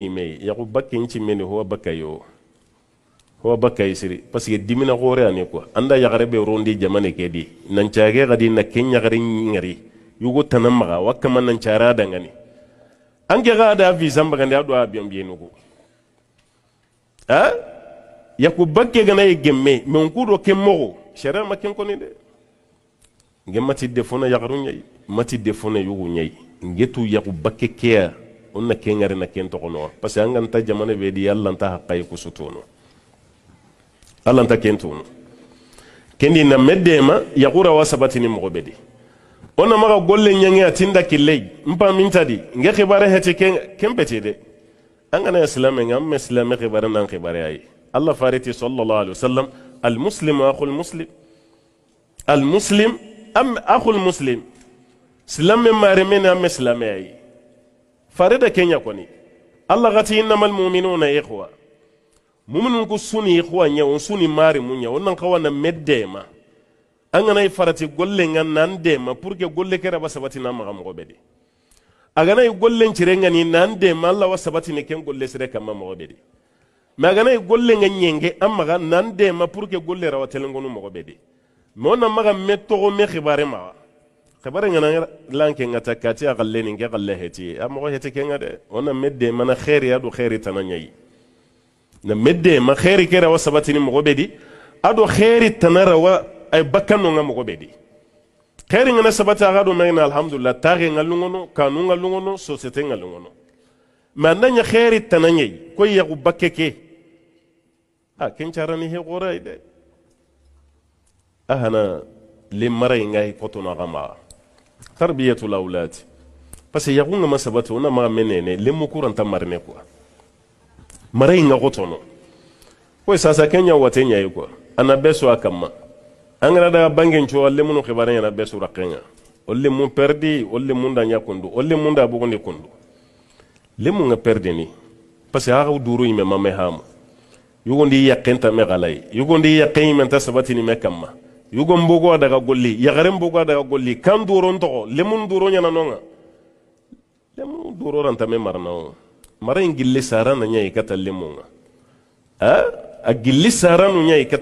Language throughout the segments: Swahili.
ime yaku bakke nci meni howa yo huwa bakkayi isiri e parce que dimina gore ani quoi anda yagare be rondi jamane kedi nancage gadi na ken yagare ngari yugo tanan maga wa kama nancara dangani anke ga da visa mbagandi adu a biyan biyenu ko ha yaku bakke gana ye gemme men ku do ken mogo ma ken koni de nge mati defona yagaru nyai mati defona yugo nyai ngetu yaku bakke kea onna kengari na kento kono parce an ganta jamane be di yalla nta haqqay kusutuno alla nta kentuno kendi na meddema yaqura wa sabati ni mogo bedi onna maga golle nyange atinda kilei mpa mintadi nge khibare hete ken kempete de an gana islam ngam islam khibare nan khibare ay allah fariti sallallahu alaihi wasallam al muslim wa akhul muslim al muslim am akhul muslim سلام ما رمينا مسلم أي farida kenya koni allah gati innamal muminuna ikhwa muminun ku suni ikhwa nya on suni mari munya on nan kawana meddema an gana i farati golle nga nan dema pour que golle kera ba sabati na maga mogo bedi a gana i gollen cire nga ni nan dema allah wa sabati ken golle sire kama mogo bedi mais a gana i golle nga nyenge an maga nan dema pour que golle rawatelen gonu mogo bedi mais on na maga me togo me xibare maga xebare ngana lanke ngata kati a galle ni ke galle heti a mo heti ke ngade ona medde mana khairi adu khairi tananyai na medde ma khairi kera wa sabati ni mo bedi adu khairi tanara wa ay bakkano nga mo bedi khairi ngana sabati a gadu mena alhamdulillah tagi ngalungono kanu ngalungono societe ngalungono ma nya khairi tananyai ko ya gubakkeke a ken charani he gore ide ahana limmarai ngai kotuna gamaa tarbiyatul aulad parce que yakunga masabati ona ma menene lemu kuranta marine quoi mara inga e gotono ko e sasa kenya watenya yuko e ana beso akama angara daga bangen cho alle munu khibare yana beso rakenya olle mun perdi olle mun da nya olle mun da bugunde kundu lemu nga perdi ni parce que haru duru ime mame hamu yugondi yakenta me galai yugondi yakin men me kamma yugo mbogo a daga golli yagaren bogo a daga golli kan duro togo lemun doro ɲana non ga lemun doro rantame marana wo mara in sara na ɲa i ka ta lemun a a gilli sara nu ɲa i ka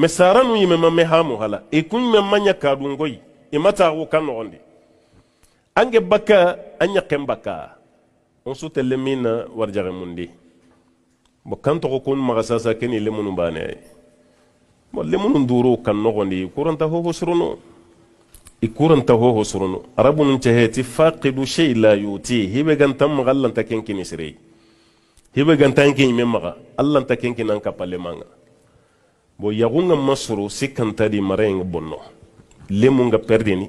me sara nu yime ma me hamu hala i e kun yime ma ɲa kadun koyi i e ma taa wo kan nogondi an ge bakka an ɲaken bakka su telle min mundi bo kan togo kun maga sasa keni lemunu bane walle minnu duuru ka nɔgɔn kuranta hoho surunu i kuranta hoho surunu arabu nun cɛ faqidu shay la yuti hibe gantan maga allah ta ken hibe gantan ken me maga allah ta ken kinan manga bo yagunga masuru sikanta di mareng bonno lemu nga perdini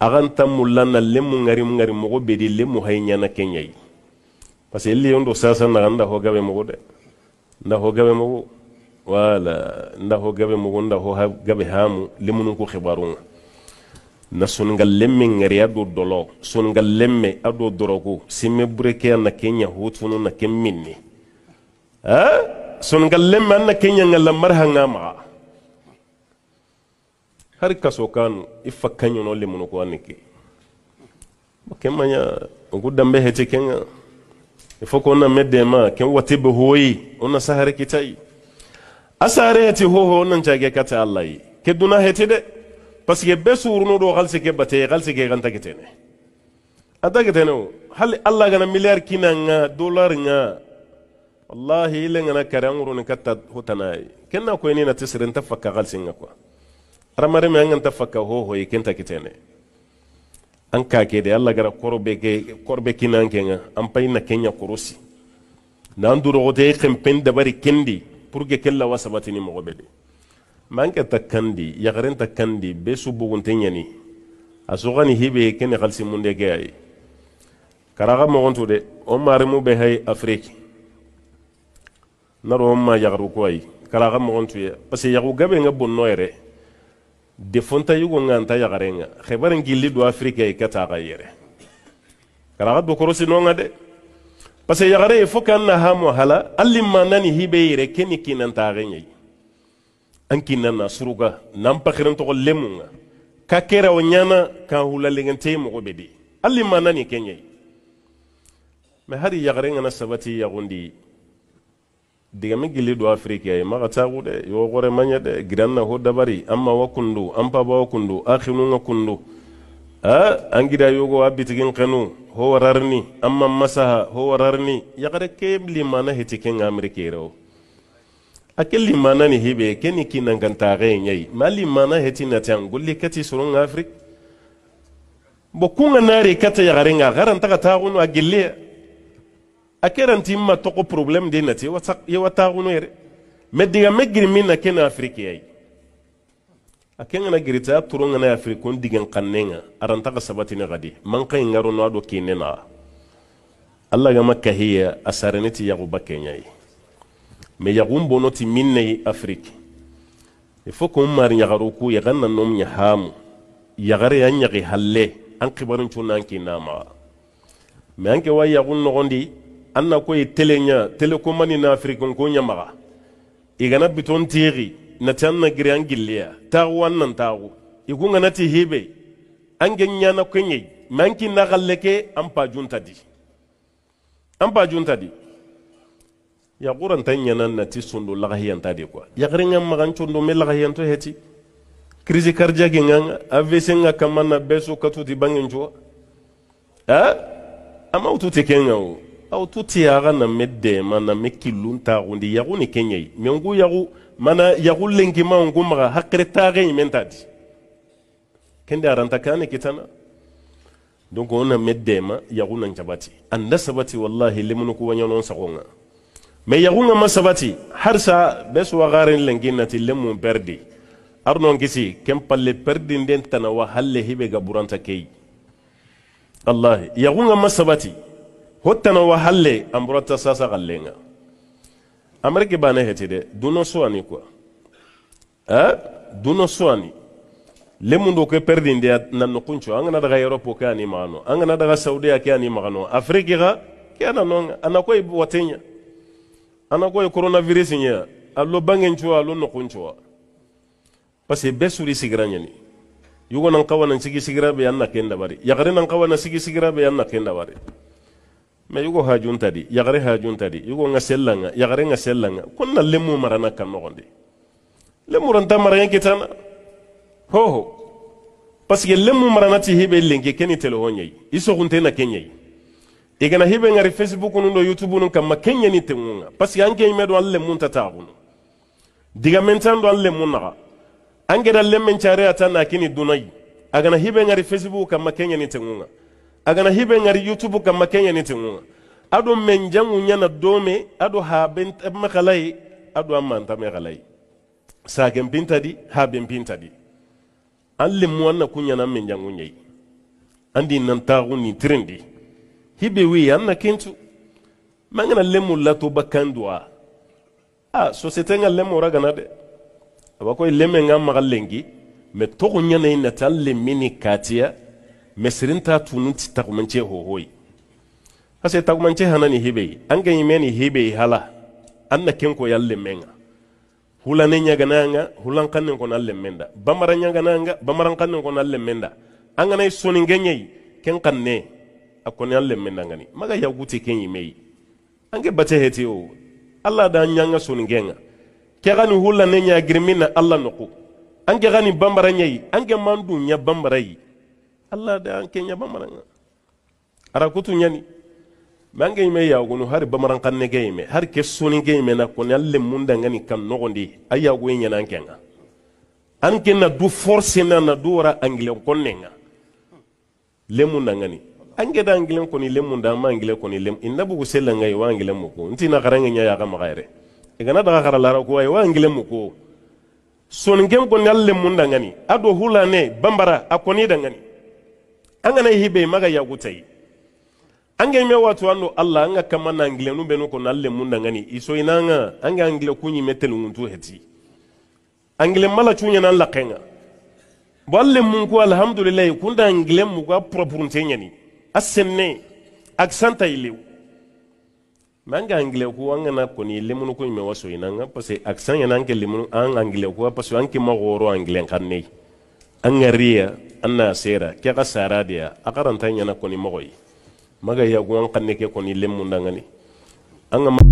aganta mulana lemu ngari ngari mogo bedi lemu haynyana kenyai parce que liyon do sasa na ganda hogabe mogo de na hogabe mogo wala ndaho gabe mugu ndaho ha, gabe hamu lemunu ko khibarunga na sun sunugal lemme ngari do dolo sun sunugal lemme ado doroku simme breke na kenya hutunu na kemminni ha sun sunugal lemme na kenya ngala marha ngama har kaso kanu ifa kanyo no lemunu ko anike kemanya ngu dambe hete kenya ifa ko na medema ken watibe hoyi ona sahare kitai asareyati hoho nancage kate allahyi ke duna heti de parceque be surunuɗo halsike bate halsike ganta ketene anta ketene o hali allah gana milliard kina ŋa dollar ŋa wallahi ile ŋana kare an wuruni katta hutanayi kenna koyenina tisiri nta fakka halsin ŋa kua aramarime an ga nta fakka hohoyi kenta ketene an kake de allah gana korobe kina n ke ŋa an payinna kenya korosi na an durogote i xempen dabari kendi pour que kella wa sabatini mɔgɔ bɛ de ta kandi yagaren ta kandi be su bugunte ɲani a sogani hibe kene halsi munde ke ayi karaga mogontu de o marimu be hay afriki naro ma yagaru ko ayi karaga mogontu ye parce yagu gabe nga bonno yere defonta yugo nga nta yagaren nga xebaren gilli do afrika ye kata ka yere karaga do korosi de parce que yagare fo kan na ha hala alli manani hibe yere keni kinan taare an kinan na suruga nan pakiran to lemunga ka kera o ka hula lengente mo bedi alli manani kenye me hari yagare ngana sabati yagundi digame gili do afrika ye maga tagu de yo gore manya de giranna ho dabari amma wakundu ampa ba wakundu akhinu ngakundu angida yogo a bitigin kanu ho wararni amma masaha ho wararni yagare ke limana heti ken amerikero ake limana ni hibe keni kinan kantare nyai ma limana heti tan gulli kati surun afrik bo kunga nari kata yagare nga garanta ka tagunu agille akeranti ma toko problem de wata yawata gunu yere mediga megiri minna ken afrik a ke ŋana geretaya toro ŋana yafiri kun digen kanne ŋa aranta ka sabatini xadi man ka ŋaro no a do kine na alla gama kahiya a sarene ti yaxuba kenya ye me yaxun bono ti min nayi afrique il faut kun mari ɲaxaro ku yaxan na nom ɲa hamu yaxare an ɲaxi halle an xibarin cu nan ki namaxa me an ke wa yaxun noxondi an na ko ye tele ɲa telekomani na afrique nko ɲamaxa i gana biton tixi natan na giri an gilliya taxu an nan taxu i ku ŋanati hibe an gen ɲana kenɲei ma an kin naxalle ke an pajunta di an pajunta di yaxuranta ɲana nati sondo laxahiyanta de quoi yaxarinŋan maxan condo me laxahiyanto heti crise cardiaque ŋan avc ŋa kama na beso katuti bangen cuwa a ama wututi ke ŋa wo awututi axa na me dema na me killun taxundi yaxuni kenɲei mengu yaxu mana yagullen kima on gumaga hakkere taage men tadi kende aranta kane kitana donc on na meddema yagunan jabati anda sabati wallahi limunu ko wanyonon sagonga me yagunga ma sabati har sa besu wagarin lenginati lemu berdi arnon kisi kem palle perdi nden tana wa halle hibe gaburanta buranta kei wallahi yagunga ma sabati hotana wa halle amburata sasa gallenga amerika e bane heti de duno suwani kuwa eh duno suwani lemu do ke perdinde nan no kuncho anga na daga europe ke ani maano anga na daga saudi ya ke ani maano afrika ga ke ana nonga ana ibu watenya ana koy coronavirus nya alo bangen chuwa alo no kuncho pasi besuri suri sigranya ni yugo nan kawana sigi sigira be an kenda bari yagare nan kawana sigi sigira be an kenda bari ma yugo di yagare di yugo nga sellanga yagare nga sellanga konna lemu marana kan nogondi lemu ranta maranga kitana hoho que lemu marana ti hibe linki keni tele ho nyai iso kunte na kenyai gana hibe ngari facebook do youtube nun kama kenya ni tengunga paske anke imedo alle mun tatagunu diga do alle mun naga angeda lemmen chare atana kini dunai agana hibe ngari facebook kama kenya ni tengunga agana hibe ngari youtube kamma kenyani tinŋuŋa ado men janŋu ɲana dome ado habentame eh, xalayi ado amanta mantame xalayi sagenpintadi habenpintadi an lemu an na ku ɲana an men janŋu ɲayi an di nan taxu ni tirindi hibe wi anna kintu mangana lemu latoba bakandwa duwa a société ŋa lemora gana de abako lemenga ŋa maxa lengi mais toxu ɲana i nati mesirin ta tunun ti tagumance hohoi ase tagumance hana ni hibe an ganyi meni hibe hala an na kenko yalle menga hulane ñagananga hulan kannen kon alle menda bamara ñagananga bamaran kannen kon alle menda an ganay e sonin geñeyi ken kan ne a menda ngani maga yaguti ken yimeyi an ke bate heti o alla da ñanga sonin genga ke gani hulane ñagirimin na alla noku an ke gani bambara ñeyi an ke man dun ña allah da an kenya bamaran ara kutu nyani mangi me ya gunu har bamaran kan ne gayme har ke suni gayme na ko alle mun da ngani kan nogondi ayya go nyana an kenga an kenna du force na na ra angle nenga lemun na ngani an geda angilen koni lemunda da ma angilen ni lem inna bu sel ngai wa angle mu ko na garanga nya ya ga e igana da gara lara ko wa angle mu ko soningen koni alle mun da ngani ado hulane bambara akoni da ngani an kana hibe maga yakutai an ga me watu ando allah an ga kama na angle nu benu ko nalle mun dangani iso inanga an ga angle kunyi metel nguntu heti angle mala chunya nan lakenga balle mun ko alhamdulillah kun da angle mu ga propre ni asenne aksanta ilew manga angle ko an na ko ni lemunu ko me waso inanga parce accent yana anke lemunu an angle ko parce anke magoro angle kanne an gariya an na sera ke ka sara dia a karanta yana koni magoyi maga ya guwan kanne ke koni lemu dangane an ga